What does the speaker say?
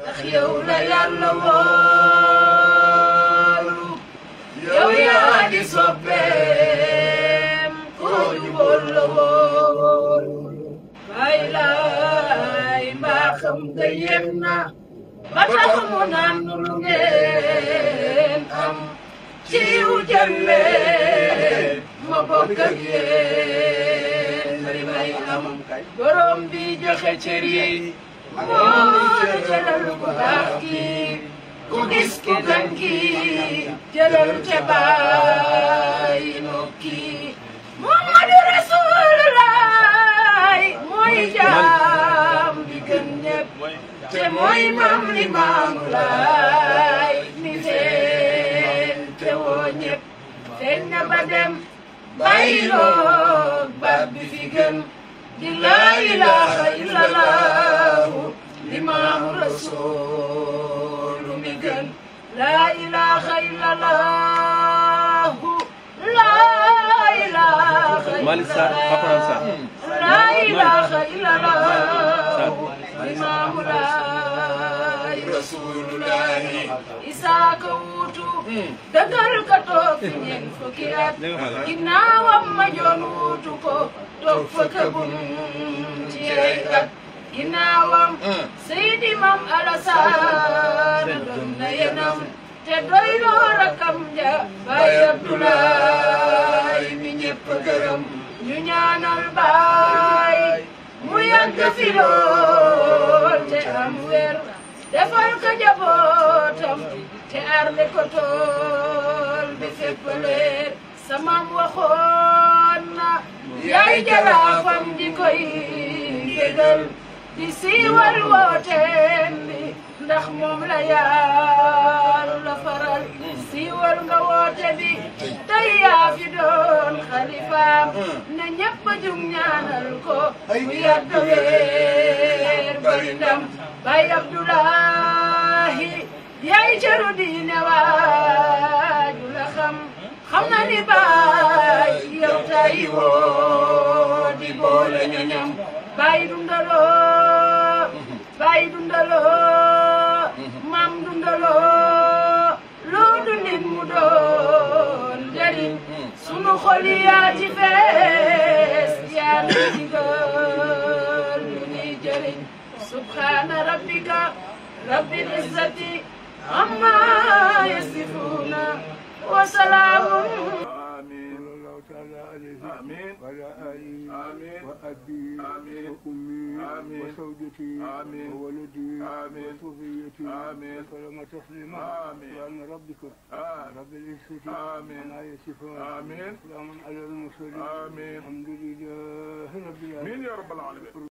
ndax yow la yàlla wóolu yaa di soppeem koo jubóol la wóolu bay laay mbaa xam na ba tax mu naan lu ngeen am ci wu jëlle ma bokk ak yéen may am borom bi joxe cër yi moom jëlalu ku baax kii ku gis ku gën kii jëlalu ca baay moo kii Muhammadu Rasulullah mooy jaam bi gën ñépp te mooy maam li maam laay mi fen woo ñépp fen na ba dem bàyyi loog baab bi لا إله إلا الله إمام رسول مجن لا إله إلا الله لا إله إلا الله لا إله إلا الله إمام رسول الله إساك wutu dëggal ka toog fi ñeen fukki at ginnaawam ma joon wutu doffakagum ci ay at ginnaawam seydi mam alasaana doon na yenam te doyloo rakam ja baay abdulaay mi ñépp gërëm ñu ñaanal baay mu yàgg fi te am wér defal ko jabootam te arle ko tool bi fépp leer samam waxoon ay jaraafam di koy di siiwal wooteem bi ndax moom la la faral siiwal nga woote bi tey yaa doon xalifaam na ñépp a ñaanal ko bu yàgg weer bari ndam bay Abdoulahi yaay cëru diine la xam xam baay yow tay boole ñoñam bàyyi dundaloo bàyyi dundaloo maam dundaloo loo dundin mu doon jëriñ sunu xol yaa ci fees yaa nu digal lu ñuy jëriñ subhaana rabbika rabbil izzati amma yasifuuna wa salaamun وعلى آلي وأبي وأمي وزوجتي وولدي وذريتي وسلم تسليما وعن ربك رب العزة عما يصفون سلام على المرسلين الحمد لله رب العالمين